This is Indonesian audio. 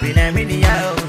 bina mini yao